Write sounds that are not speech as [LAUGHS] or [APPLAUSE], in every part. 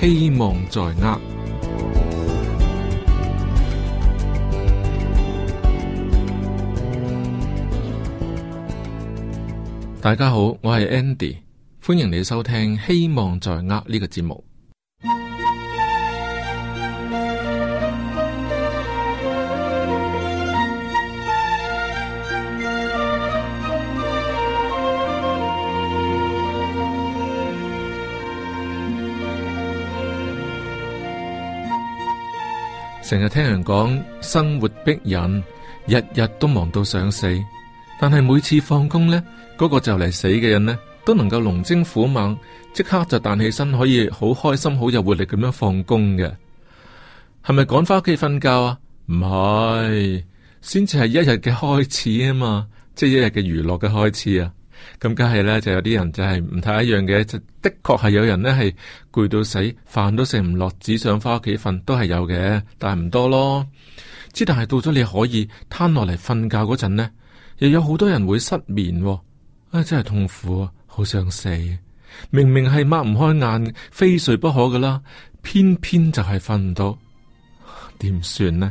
希望在握。大家好，我係 Andy，歡迎你收聽《希望在握》呢個節目。成日聽人講生活逼人，日日都忙到想死。但係每次放工呢，嗰個就嚟死嘅人呢，都能夠龍精虎猛，即刻就彈起身，可以好開心、好有活力咁樣放工嘅。係咪趕返屋企瞓覺啊？唔係，先至係一日嘅開始啊嘛，即係一日嘅娛樂嘅開始啊。咁梗係咧，就有啲人就係唔太一樣嘅，就的確係有人呢，係攰到死，飯都食唔落，只想翻屋企瞓，都係有嘅，但係唔多咯。即但係到咗你可以攤落嚟瞓覺嗰陣呢，又有好多人會失眠，啊、哎、真係痛苦，啊，好想死，啊，明明係擘唔開眼，非睡不可噶啦，偏偏就係瞓唔到，點算呢？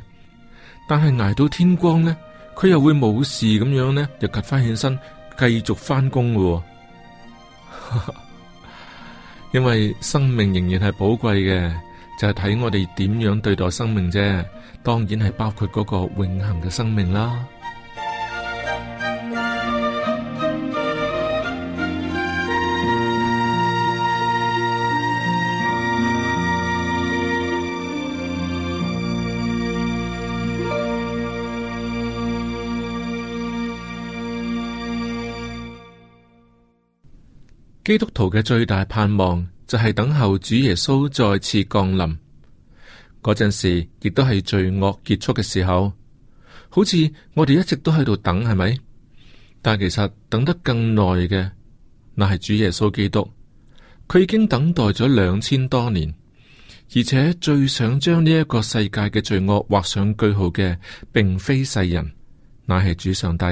但係挨到天光呢，佢又會冇事咁樣呢，又及翻起身。繼續翻工嘅， [LAUGHS] 因為生命仍然係寶貴嘅，就係睇我哋點樣對待生命啫。當然係包括嗰個永恆嘅生命啦。基督徒嘅最大盼望就係等候主耶穌再次降臨嗰陣時，亦都係罪惡結束嘅時候。好似我哋一直都喺度等，係咪？但其實等得更耐嘅，乃係主耶穌基督。佢已經等待咗兩千多年，而且最想將呢一個世界嘅罪惡畫上句號嘅，並非世人，乃係主上帝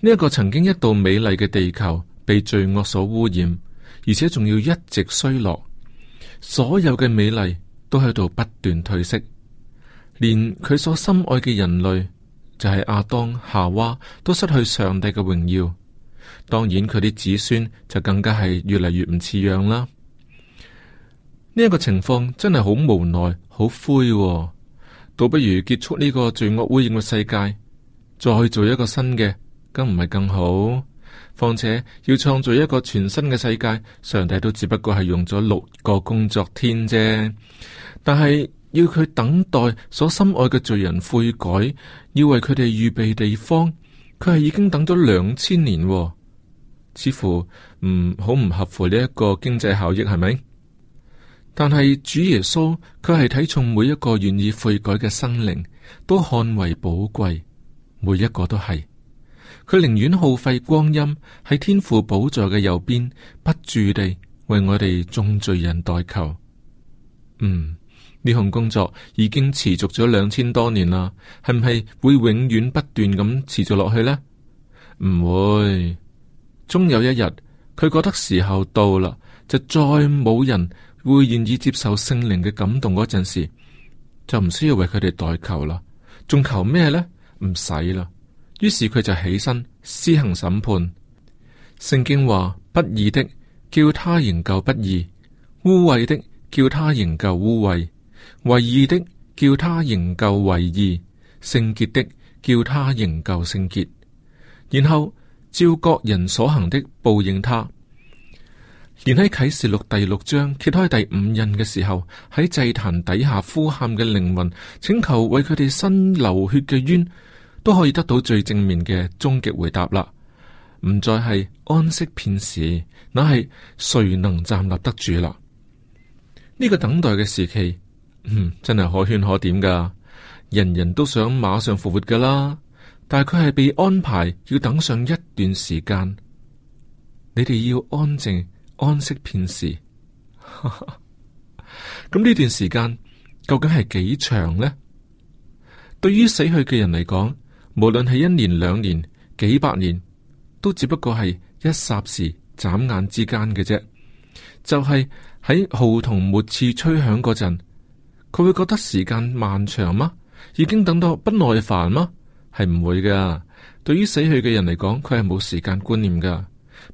呢一個曾經一度美麗嘅地球，被罪惡所污染，而且仲要一直衰落，所有嘅美麗都喺度不斷褪色，連佢所深愛嘅人類，就係、是、亞當夏娃，都失去上帝嘅榮耀。當然佢啲子孫就更加係越嚟越唔似樣啦。呢、這、一個情況真係好無奈，好灰、哦，倒不如結束呢個罪惡污染嘅世界，再做一個新嘅，咁唔係更好？況且要創造一個全新嘅世界，上帝都只不過係用咗六個工作天啫。但係要佢等待所深愛嘅罪人悔改，要為佢哋預備地方，佢係已經等咗兩千年，哦，似乎唔好唔合乎呢一個經濟效益，係咪？但係主耶穌佢係睇重每一個願意悔改嘅生靈，都看為寶貴，每一個都係。佢寧願耗費光陰喺天父寶座嘅右邊，不住地為我哋眾罪人代求。嗯，呢項工作已經持續咗兩千多年啦，係唔係會永遠不斷咁持續落去呢？唔會，終有一日佢覺得時候到啦，就再冇人會願意接受聖靈嘅感動嗰陣時，就唔需要為佢哋代求啦，仲求咩呢？唔使啦。於是佢就起身施行審判。聖經話：不義的叫他仍舊不義，污穢的叫他仍舊污穢，為義的叫他仍舊為義，聖潔的叫他仍舊聖潔。然後照各人所行的報應他。連喺啟示錄第六章揭開第五印嘅時候，喺祭壇底下呼喊嘅靈魂，請求為佢哋伸流血嘅冤。都可以得到最正面嘅終極回答啦，唔再係安息片時，那係誰能站立得住啦？呢個等待嘅時期，嗯、真係可圈可點噶，人人都想馬上復活噶啦，但係佢係被安排要等上一段時間。你哋要安靜安息片時，咁 [LAUGHS] 呢段時間究竟係幾長呢？對於死去嘅人嚟講。無論係一年、兩年、幾百年，都只不過係一霎時、眨眼之間嘅啫。就係喺號筒末次吹響嗰陣，佢會覺得時間漫長嗎？已經等到不耐煩嗎？係唔會噶。對於死去嘅人嚟講，佢係冇時間觀念噶。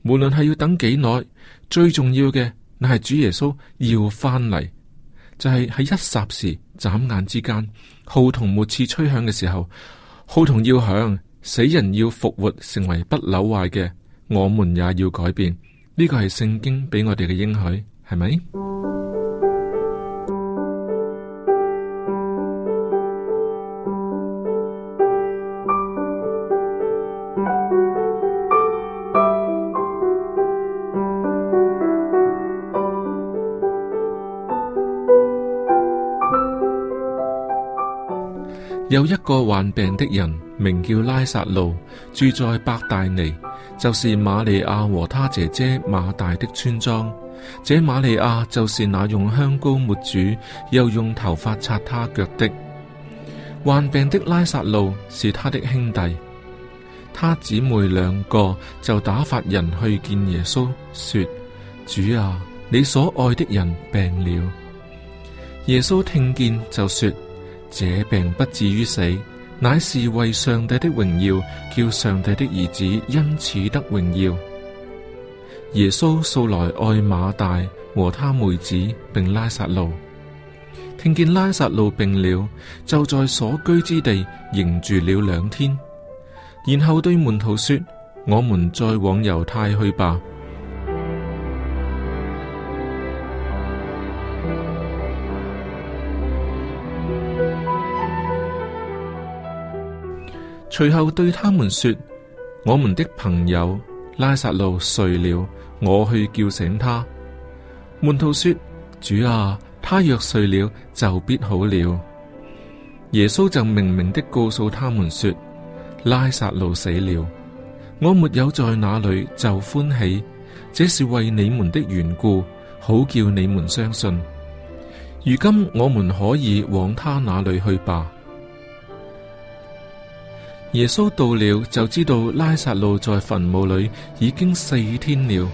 無論係要等幾耐，最重要嘅，乃係主耶穌要翻嚟，就係、是、喺一霎時、眨眼之間，號筒末次吹響嘅時候。號筒要響，死人要復活，成為不朽壞嘅，我們也要改變。呢個係聖經俾我哋嘅應許，係咪？有一個患病的人，名叫拉撒路，住在伯大尼，就是瑪利亞和他姐姐馬大的村莊。這瑪利亞就是那用香膏抹主，又用頭髮擦他腳的。患病的拉撒路是他的兄弟，他姊妹兩個就打發人去見耶穌，說：主啊，你所愛的人病了。耶穌聽見就說，這病不至於死，乃是為上帝的榮耀，叫上帝的兒子因此得榮耀。耶穌素來愛馬大和他妹子，並拉撒路，聽見拉撒路病了，就在所居之地仍住了兩天，然後對門徒說：我們再往猶太去吧。隨後對他們說：我們的朋友拉撒路睡了，我去叫醒他。門徒說：主啊，他若睡了，就必好了。耶穌就明明的告訴他們說：拉撒路死了，我沒有在那裏就歡喜，這是為你們的緣故，好叫你們相信。如今我們可以往他那裏去吧。耶穌到了，就知道拉撒路在墳墓裏已經四天了。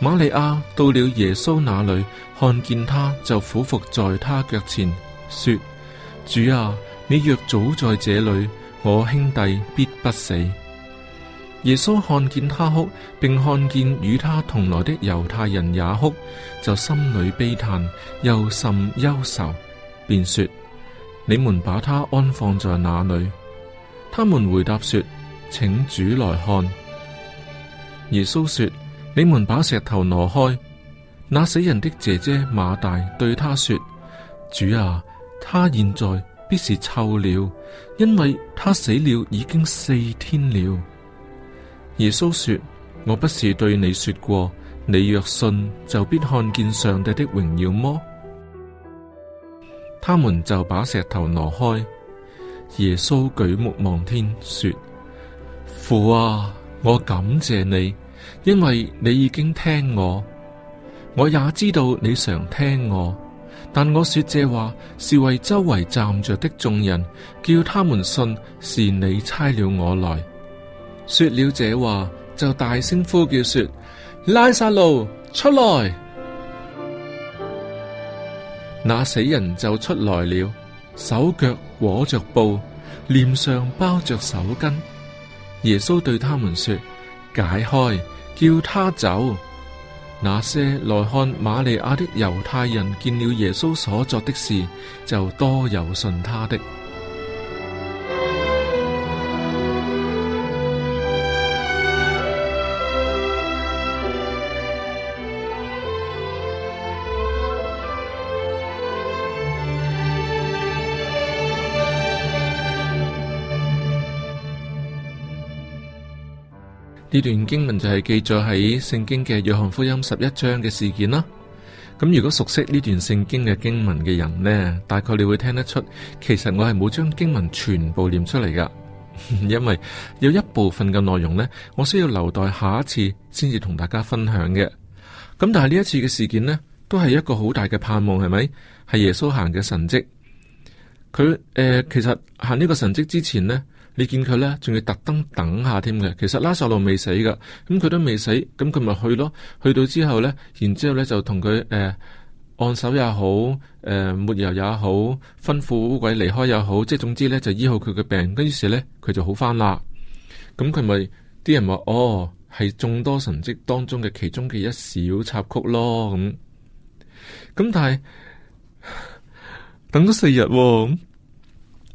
瑪利亞到了耶穌那裏，看見他就俯伏，伏在他腳前，說：主啊，你若早在這裏，我兄弟必不死。耶穌看見他哭，並看見與他同來的猶太人也哭，就心裏悲嘆，又甚憂愁，便說：你們把他安放在那裏？他們回答說：請主來看。耶穌說：你們把石頭挪開。那死人的姐姐馬大對他說：主啊，他現在必是臭了，因為他死了已經四天了。耶穌說：我不是對你說過，你若信，就必看見上帝的榮耀麼？他們就把石頭挪開。耶穌舉目望天，說：父啊，我感謝你，因為你已經聽我，我也知道你常聽我，但我說這話是為周圍站着的眾人，叫他們信是你差了我來。說了這話，就大聲呼叫說：拉撒路出來！那死人就出來了，手腳，裹着布，臉上包着手巾。耶穌對他們說：解開，叫他走。那些來看馬利亞的猶太人，見了耶穌所作的事，就多有信他的。呢段經文就係記載喺聖經嘅約翰福音十一章嘅事件啦。咁如果熟悉呢段聖經嘅經文嘅人呢，大概你會聽得出，其實我係冇將經文全部念出嚟噶。 [LAUGHS] 因為有一部分嘅內容呢，我需要留待下一次先至同大家分享嘅。咁但係呢一次嘅事件呢，都係一個好大嘅盼望，係咪？係耶穌行嘅神蹟。佢誒、呃，其實行呢個神蹟之前呢。你見佢咧，仲要特登等下添嘅。其實拉撒路未死噶，咁佢都未死，咁佢咪去咯。去到之後咧，然之後咧就同佢誒按手也好，誒、呃、抹油也好，吩咐污鬼離開也好，即係總之咧就醫好佢嘅病。跟住時咧佢就好翻啦。咁佢咪啲人話哦，係眾多神蹟當中嘅其中嘅一小插曲咯。咁咁但係等咗四日，哦，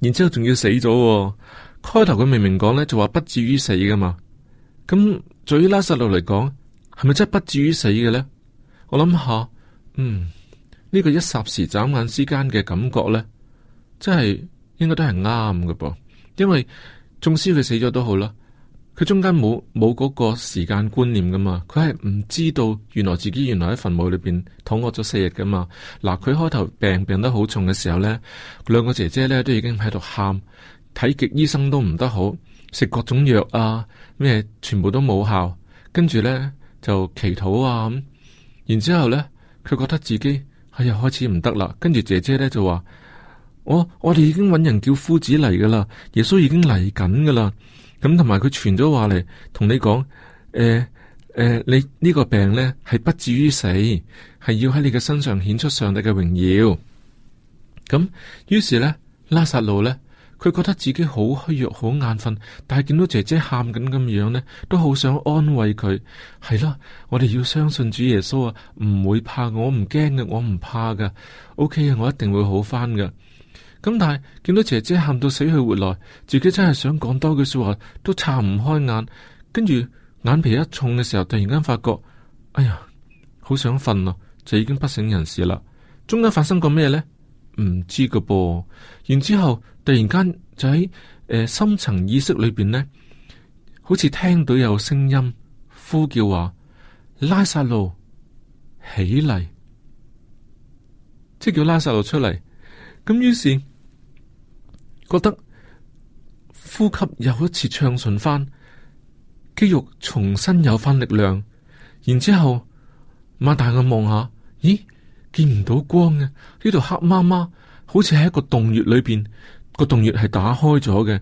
然之後仲要死咗，哦。開頭佢明明講咧，就話不至於死噶嘛。咁，對於拉撒路嚟講，係咪真係不至於死嘅咧？我諗下，嗯，呢個一霎時、眨眼之間嘅感覺咧，真係應該都係啱噶噃。因為縱使佢死咗都好啦，佢中間冇冇嗰個時間觀念噶嘛，佢係唔知道原來自己原來喺墳墓裏邊躺臥咗四日噶嘛。嗱，佢開頭病病得好重嘅時候咧，兩個姐姐咧都已經喺度喊。睇極醫生都唔得好，食各種藥啊，咩全部都冇效，跟住咧就祈禱啊咁，然之後咧佢覺得自己係又、哎、開始唔得啦。跟住姐姐咧就話、哦、我我哋已經搵人叫夫子嚟噶啦，耶穌已經嚟緊噶啦。咁同埋佢傳咗話嚟同你講，誒、呃、誒、呃，你呢個病咧係不至於死，係要喺你嘅身上顯出上帝嘅榮耀。咁、嗯、於是咧，拉撒路咧。佢覺得自己好虛弱、好眼瞓，但係見到姐姐喊緊咁樣呢，都好想安慰佢。係啦，我哋要相信主耶穌啊，唔會怕，我唔驚嘅，我唔怕噶。OK 啊，我一定會好翻噶。咁但係見到姐姐喊到死去活來，自己真係想講多句說話，都撐唔開眼，跟住眼皮一重嘅時候，突然間發覺，哎呀，好想瞓啊，就已經不省人事啦。中間發生過咩呢？唔知個噃。然之後。突然間就喺誒、呃、深層意識裏邊呢，好似聽到有聲音呼叫話，拉撒路起嚟，即叫拉撒路出嚟。咁於是覺得呼吸又一次暢順翻，肌肉重新有翻力量。然之後擘大眼望下，咦，見唔到光嘅，呢度黑麻麻，好似喺一個洞穴裏邊。個洞穴係打開咗嘅，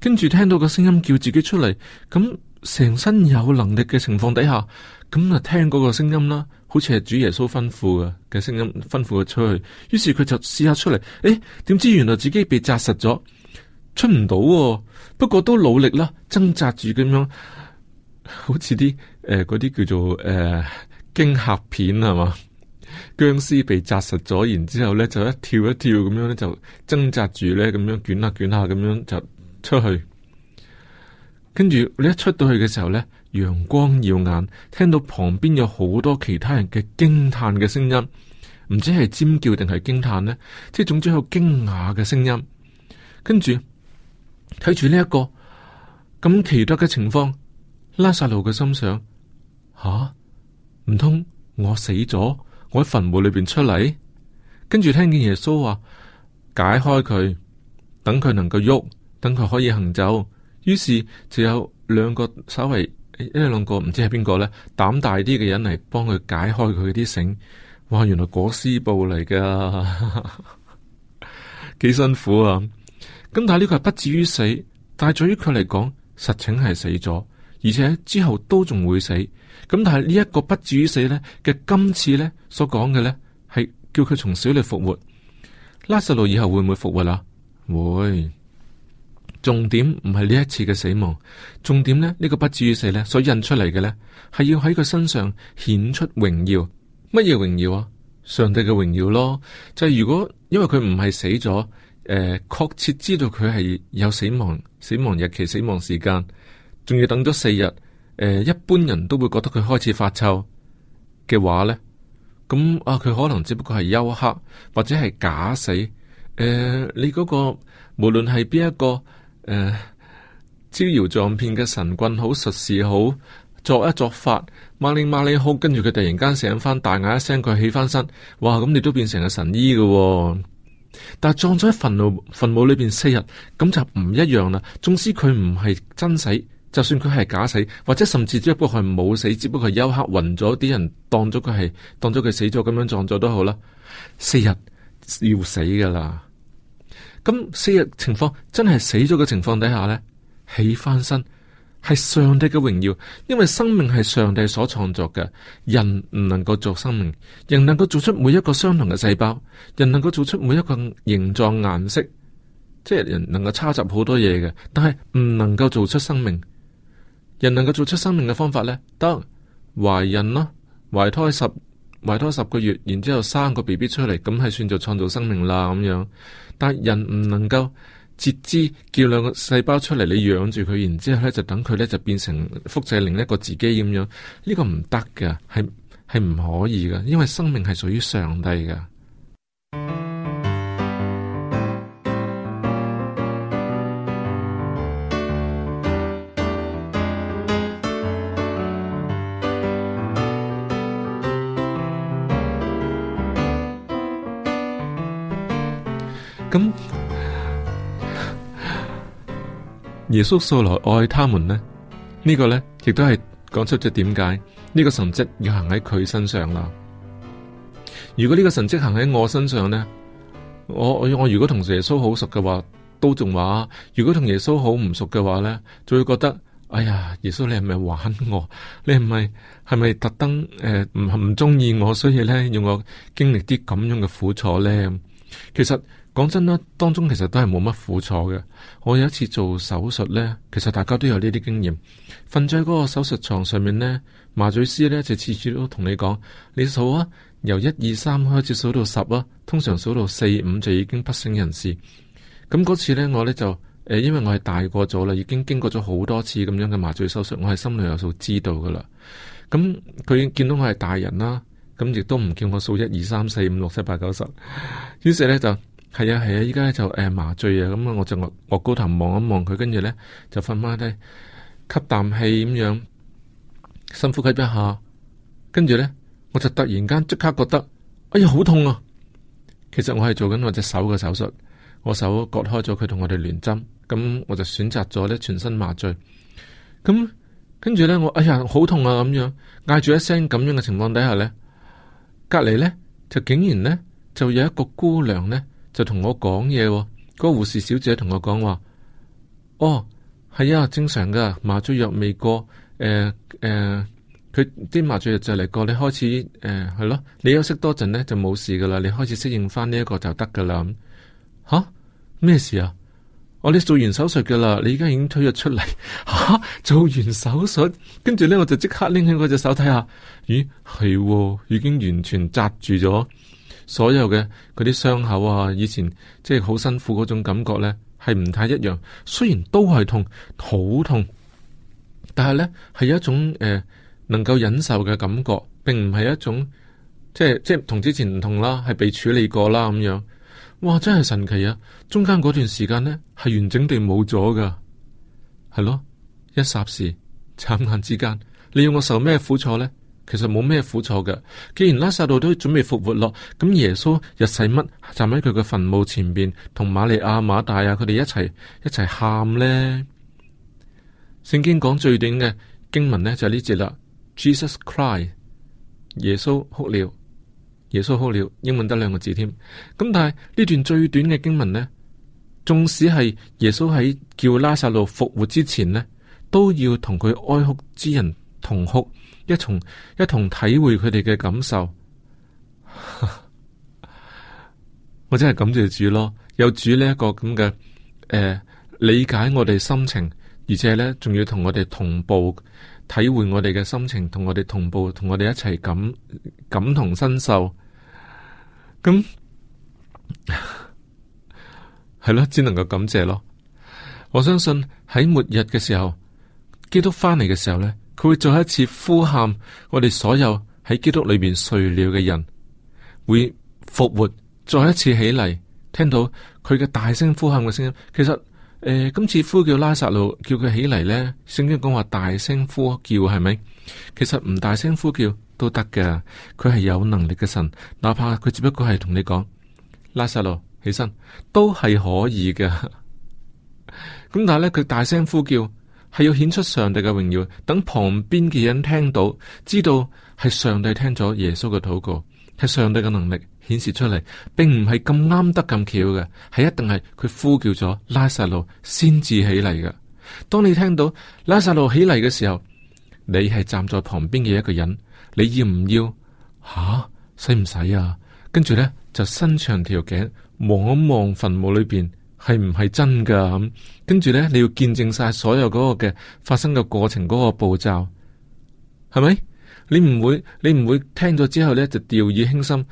跟住聽到個聲音叫自己出嚟，咁成身有能力嘅情況底下，咁啊聽嗰個聲音啦，好似係主耶穌吩咐嘅嘅聲音，吩咐佢出去。於是佢就試下出嚟，誒，哎，點知原來自己被紮實咗，出唔到，啊。不過都努力啦，掙扎住咁樣，好似啲誒嗰啲叫做誒驚嚇片係嘛。僵屍被紮實咗，然之後咧就一跳一跳咁樣咧，就掙扎住咧咁樣捲下捲下咁樣就出去。跟住你一出到去嘅時候咧，陽光耀眼，聽到旁邊有好多其他人嘅驚嘆嘅聲音，唔知係尖叫定係驚嘆呢，即係總之係驚訝嘅聲音。跟住睇住呢一個咁奇特嘅情況，拉撒路嘅心想：吓？唔通我死咗？我喺墳墓裏邊出嚟，跟住聽見耶穌話，解開佢，等佢能夠喐，等佢可以行走。於是就有兩個稍微一兩個唔知係邊個咧膽大啲嘅人嚟幫佢解開佢啲繩。哇，原來裹屍布嚟噶，幾 [LAUGHS] 辛苦啊！咁但係呢個係不至於死，但係對於佢嚟講，實情係死咗。而且之後都仲會死，咁但係呢一個不至於死咧嘅今次咧所講嘅咧係叫佢從小嚟復活，拉撒路以後會唔會復活啦？會。重點唔係呢一次嘅死亡，重點咧呢、這個不至於死咧所印出嚟嘅咧係要喺佢身上顯出榮耀，乜嘢榮耀啊？上帝嘅榮耀咯，就係、是、如果因為佢唔係死咗，誒、呃，確切知道佢係有死亡、死亡日期、死亡時間。仲要等咗四日，誒、呃，一般人都會覺得佢開始發臭嘅話呢。咁啊，佢可能只不過係休克或者係假死。誒、呃，你嗰、那個無論係邊一個誒、呃、招搖撞騙嘅神棍好術士好作一作法，罵你罵你好，跟住佢突然間醒翻，大嗌一聲佢起翻身，哇！咁你都變成個神醫噶、哦，但係葬咗喺墳墓墳墓裏邊四日，咁就唔一樣啦。縱使佢唔係真死。就算佢係假死，或者甚至只不過係冇死，只不過係休克暈咗，啲人當咗佢係當咗佢死咗咁樣撞咗都好啦。四日要死噶啦，咁四日情況真係死咗嘅情況底下呢，起翻身係上帝嘅榮耀，因為生命係上帝所創作嘅，人唔能夠做生命，人能夠做出每一個相同嘅細胞，人能夠做出每一個形狀顏色，即係人能夠抄襲好多嘢嘅，但係唔能夠做出生命。人能夠做出生命嘅方法呢？得懷孕咯，懷胎十懷胎十個月，然之後生個 BB 出嚟，咁係算做創造生命啦咁樣。但係人唔能夠截肢叫兩個細胞出嚟，你養住佢，然之後呢就等佢呢就變成複製另一個自己咁樣，呢、呢個唔得嘅，係係唔可以嘅，因為生命係屬於上帝嘅。耶穌素來愛他們呢，呢個呢，亦都係講出咗點解呢個神蹟要行喺佢身上啦。如果呢個神蹟行喺我身上呢，我我我如果同耶穌好熟嘅話，都仲話；如果同耶穌好唔熟嘅話呢，就會覺得：哎呀，耶穌你係咪玩我？你係咪係咪特登誒唔唔中意、呃、我，所以呢，要我經歷啲咁樣嘅苦楚呢？其實講真啦，當中其實都係冇乜苦楚嘅。我有一次做手術呢，其實大家都有呢啲經驗，瞓咗喺嗰個手術床上面呢，麻醉師呢就次次都同你講，你數啊，由一二三開始數到十啊，通常數到四五就已經不省人事。咁嗰次呢，我呢就誒、呃，因為我係大個咗啦，已經經過咗好多次咁樣嘅麻醉手術，我係心裏有數知道噶啦。咁佢見到我係大人啦、啊。咁亦都唔叫我數一二三四五六七八九十。於是咧就係啊係啊，依家、啊、就誒、欸、麻醉啊。咁啊，我就我我高頭望一望佢，跟住咧就瞓埋低吸啖氣咁樣深呼吸一下。跟住咧我就突然間即刻覺得哎呀好痛啊！其實我係做緊我隻手嘅手術，我手割開咗佢同我哋聯針，咁我就選擇咗咧全身麻醉。咁跟住咧我哎呀好痛啊！咁樣嗌住一聲，咁樣嘅情況底下咧。隔籬呢，就竟然呢，就有一個姑娘呢，就同我講嘢，哦，個護士小姐同我講話，哦，係啊，正常噶麻醉藥未過，誒、呃、誒，佢、呃、啲麻醉藥就嚟過，你開始誒係咯，你休息多陣呢，就冇事噶啦，你開始適應翻呢一個就得噶啦。吓、啊、咩事啊？我哋、哦、做完手術嘅啦，你而家已經推咗出嚟吓、啊，做完手術，跟住咧我就即刻拎起嗰隻手睇下，咦，係、哦，已經完全紮住咗所有嘅嗰啲傷口啊！以前即係好辛苦嗰種感覺咧，係唔太一樣。雖然都係痛，好痛，但係咧係有一種誒、呃、能夠忍受嘅感覺，並唔係一種即係即係同之前唔同啦，係被處理過啦咁樣。哇，真係神奇啊！中間嗰段時間呢，係完整地冇咗噶，係咯，一霎時，眨眼之間，你要我受咩苦楚呢？其實冇咩苦楚嘅。既然拉撒道都準備復活咯，咁耶穌又使乜站喺佢嘅墳墓前邊，同瑪利亞、馬大啊，佢哋一齊一齊喊呢？聖經講最短嘅經文呢，就係呢節啦。Jesus cry，耶穌哭了。耶穌哭了，英文得兩個字添。咁但係呢段最短嘅經文呢，縱使係耶穌喺叫拉撒路復活之前呢，都要同佢哀哭之人同哭，一同一同體會佢哋嘅感受。 [LAUGHS] 我真係感謝主咯，有主呢一個咁嘅誒理解我哋心情，而且呢仲要同我哋同步。體會我哋嘅心情，同我哋同步，同我哋一齊感感同身受。咁係咯，只 [LAUGHS] 能夠感謝咯。我相信喺末日嘅時候，基督翻嚟嘅時候呢，佢會再一次呼喊我哋所有喺基督裏邊睡了嘅人，會復活，再一次起嚟，聽到佢嘅大聲呼喊嘅聲音。其實。誒，今次呼叫拉撒路，叫佢起嚟呢，聖經講話大聲呼叫係咪？其實唔大聲呼叫都得㗎，佢係有能力嘅神，哪怕佢只不過係同你講拉撒路起身，都係可以㗎。咁 [LAUGHS] 但係咧，佢大聲呼叫係要顯出上帝嘅榮耀，等旁邊嘅人聽到，知道係上帝聽咗耶穌嘅禱告，係上帝嘅能力。顯示出嚟，並唔係咁啱得咁巧嘅，係一定係佢呼叫咗拉撒路先至起嚟嘅。當你聽到拉撒路起嚟嘅時候，你係站在旁邊嘅一個人，你要唔要吓？使唔使啊？跟住咧，就伸長條頸望一望墳墓裏邊係唔係真噶？咁跟住咧你要見證晒所有嗰個嘅發生嘅過程嗰個步驟，係咪？你唔會你唔會聽咗之後咧，就掉以輕心。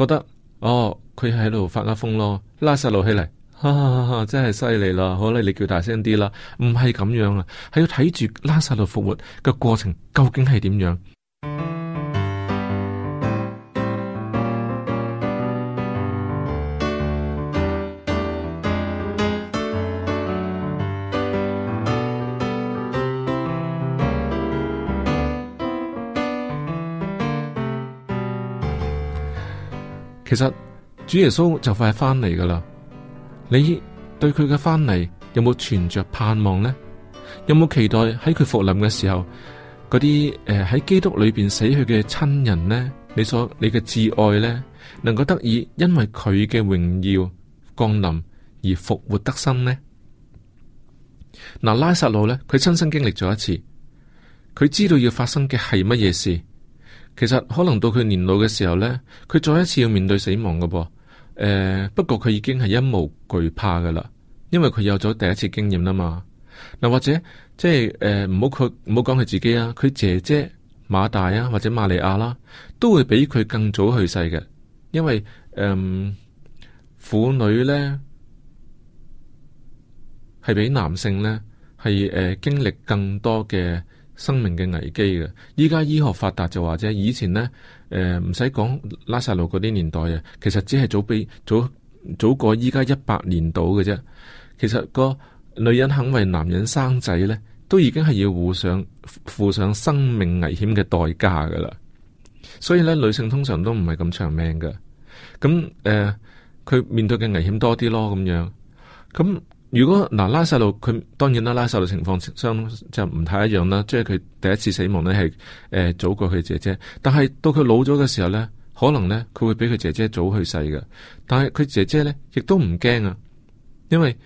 覺得哦，佢喺度發噏風咯，拉撒路起嚟，哈哈，哈哈，真係犀利啦！好啦，你叫大聲啲啦，唔係咁樣啊，係要睇住拉撒路復活嘅過程究竟係點樣。其實主耶穌就快翻嚟噶啦，你對佢嘅翻嚟有冇存着盼望呢？有冇期待喺佢復臨嘅時候，嗰啲誒喺基督裏邊死去嘅親人呢？你所你嘅摯愛呢，能夠得以因為佢嘅榮耀降臨而復活得生呢？嗱、嗯，拉撒路呢，佢親身經歷咗一次，佢知道要發生嘅係乜嘢事。其實可能到佢年老嘅時候呢，佢再一次要面對死亡噶噃。誒、呃，不過佢已經係一無懼怕噶啦，因為佢有咗第一次經驗啊嘛。嗱、呃，或者即係誒，唔好佢唔好講佢自己啊，佢姐姐馬大啊或者瑪利亞啦，啊，都會比佢更早去世嘅，因為誒婦、呃、女呢，係比男性呢，係誒、呃、經歷更多嘅。生命嘅危機嘅，依家醫學發達就話者以前呢，誒唔使講拉薩路嗰啲年代啊，其實只係早比早早過依家一百年度嘅啫。其實個女人肯為男人生仔呢，都已經係要互相付上生命危險嘅代價嘅啦。所以咧，女性通常都唔係咁長命嘅。咁誒，佢、呃、面對嘅危險多啲咯咁樣。咁如果嗱拉撒路，佢當然啦。拉撒路情況就唔太一樣啦。即係佢第一次死亡呢，係誒、呃、早過佢姐姐。但係到佢老咗嘅時候呢，可能呢，佢會比佢姐姐早去世嘅。但係佢姐姐呢，亦都唔驚啊，因為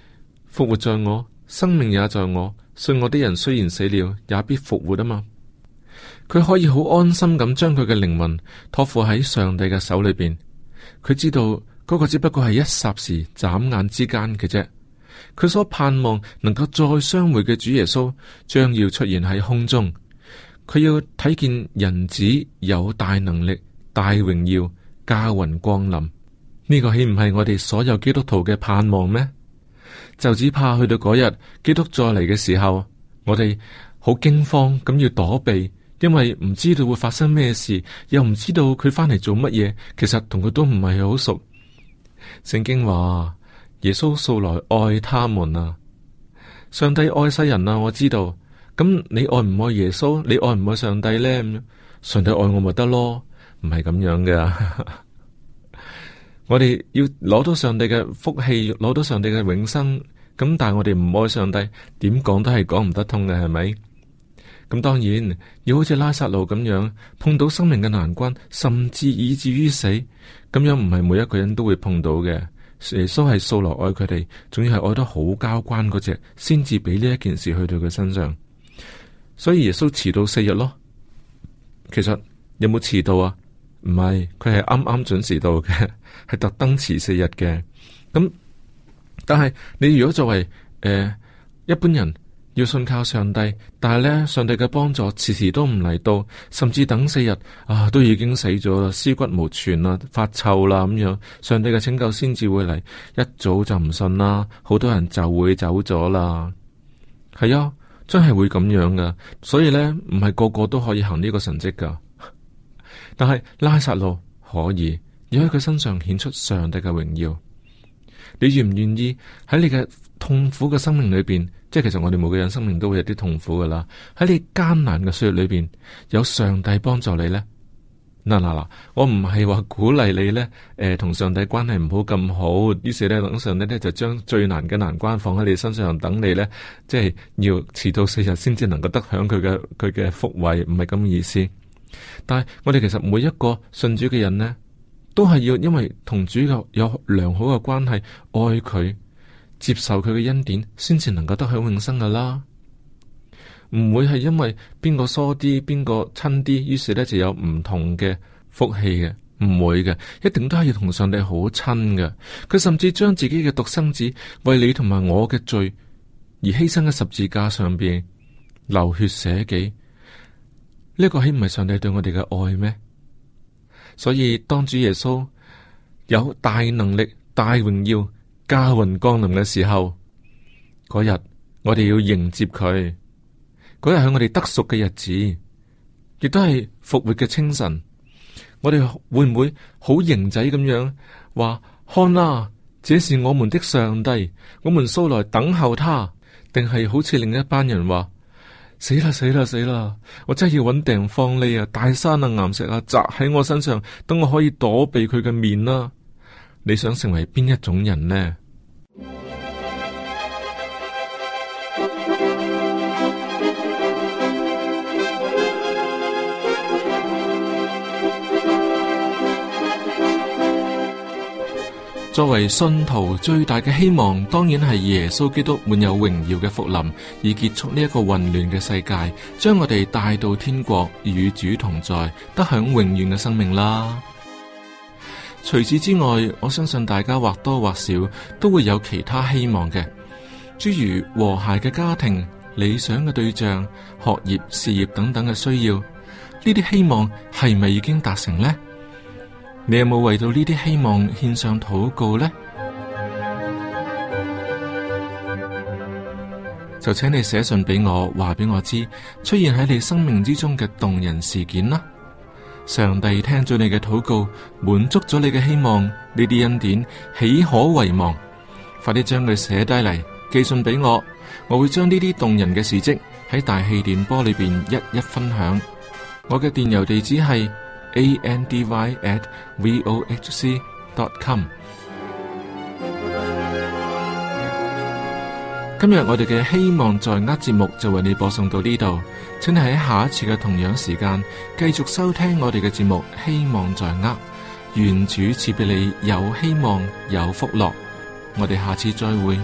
復活在我，生命也在我。信我的人雖然死了，也必復活啊嘛，佢可以好安心咁將佢嘅靈魂託付喺上帝嘅手裏邊。佢知道嗰個只不過係一霎時、眨眼之間嘅啫。佢所盼望能夠再相會嘅主耶穌，將要出現喺空中。佢要睇見人子有大能力、大榮耀、駕雲光臨。呢、這個豈唔係我哋所有基督徒嘅盼望咩？就只怕去到嗰日基督再嚟嘅時候，我哋好驚慌咁要躲避，因為唔知道會發生咩事，又唔知道佢翻嚟做乜嘢。其實同佢都唔係好熟。聖經話。耶穌素來愛他們啊！上帝愛世人啊！我知道，咁你愛唔愛耶穌？你愛唔愛上帝呢？上帝愛我咪得咯？唔係咁樣嘅。 [LAUGHS] 我哋要攞到上帝嘅福氣，攞到上帝嘅永生。咁但係我哋唔愛上帝，點講都係講唔得通嘅，係咪？咁當然，要好似拉撒路咁樣，碰到生命嘅難關，甚至以至於死，咁樣唔係每一個人都會碰到嘅。耶穌係素來愛佢哋，仲要係愛得好交關嗰隻，先至俾呢一件事去到佢身上。所以耶穌遲到四日咯。其實有冇遲到啊？唔係，佢係啱啱準時到嘅，係特登遲四日嘅。咁，但係你如果作為誒、呃、一般人。要信靠上帝，但係呢，上帝嘅幫助遲遲都唔嚟到，甚至等四日啊，都已經死咗啦，屍骨無存啦，發臭啦咁樣，上帝嘅拯救先至會嚟，一早就唔信啦，好多人就會走咗啦，係啊，真係會咁樣噶，所以呢，唔係個個都可以行呢個神蹟噶，但係拉撒路可以，要喺佢身上顯出上帝嘅榮耀。你願唔願意喺你嘅痛苦嘅生命裏邊？即係其實我哋每個人生命都會有啲痛苦噶啦。喺你艱難嘅歲月裏邊，有上帝幫助你呢。嗱嗱嗱，我唔係話鼓勵你呢，誒、呃，同上帝關係唔好咁好，於是呢，等上帝呢，就將最難嘅難關放喺你身上，等你呢，即係要遲到四日先至能夠得享佢嘅佢嘅福惠，唔係咁嘅意思。但係我哋其實每一個信主嘅人呢。都係要因為同主教有良好嘅關係，愛佢，接受佢嘅恩典，先至能夠得享永生噶啦。唔會係因為邊個疏啲，邊個親啲，於是咧就有唔同嘅福氣嘅，唔會嘅，一定都係要同上帝好親嘅。佢甚至將自己嘅獨生子為你同埋我嘅罪而犧牲喺十字架上邊流血捨己，呢一個豈唔係上帝對我哋嘅愛咩？所以當主耶穌有大能力、大榮耀、駕雲降臨嘅時候，嗰日我哋要迎接佢，嗰日係我哋得贖嘅日子，亦都係復活嘅清晨。我哋會唔會好型仔咁樣話：看啦，ana, 這是我們的上帝，我們素來等候他？定係好似另一班人話？死啦死啦死啦！我真係要揾地方匿啊，大山啊、岩石啊，砸喺我身上，等我可以躲避佢嘅面啦、啊。你想成為邊一種人呢？作為信徒最大嘅希望，當然係耶穌基督滿有榮耀嘅復臨，以結束呢一個混亂嘅世界，將我哋帶到天國與主同在，得享永遠嘅生命啦。除此之外，我相信大家或多或少都會有其他希望嘅，諸如和諧嘅家庭、理想嘅對象、學業、事業等等嘅需要。呢啲希望係咪已經達成呢？你有冇為到呢啲希望獻上禱告呢？就請你寫信俾我，話俾我知出現喺你生命之中嘅動人事件啦！上帝聽咗你嘅禱告，滿足咗你嘅希望，呢啲恩典豈可遺忘？快啲將佢寫低嚟寄信俾我，我會將呢啲動人嘅事蹟喺大氣電波裏邊一一分享。我嘅電郵地址係。Andy at vohc dot com。 [NOISE] 今日我哋嘅希望在握節目就為你播送到呢度，請你喺下一次嘅同樣時間繼續收聽我哋嘅節目，希望在握，願主賜俾你有希望有福樂，我哋下次再會。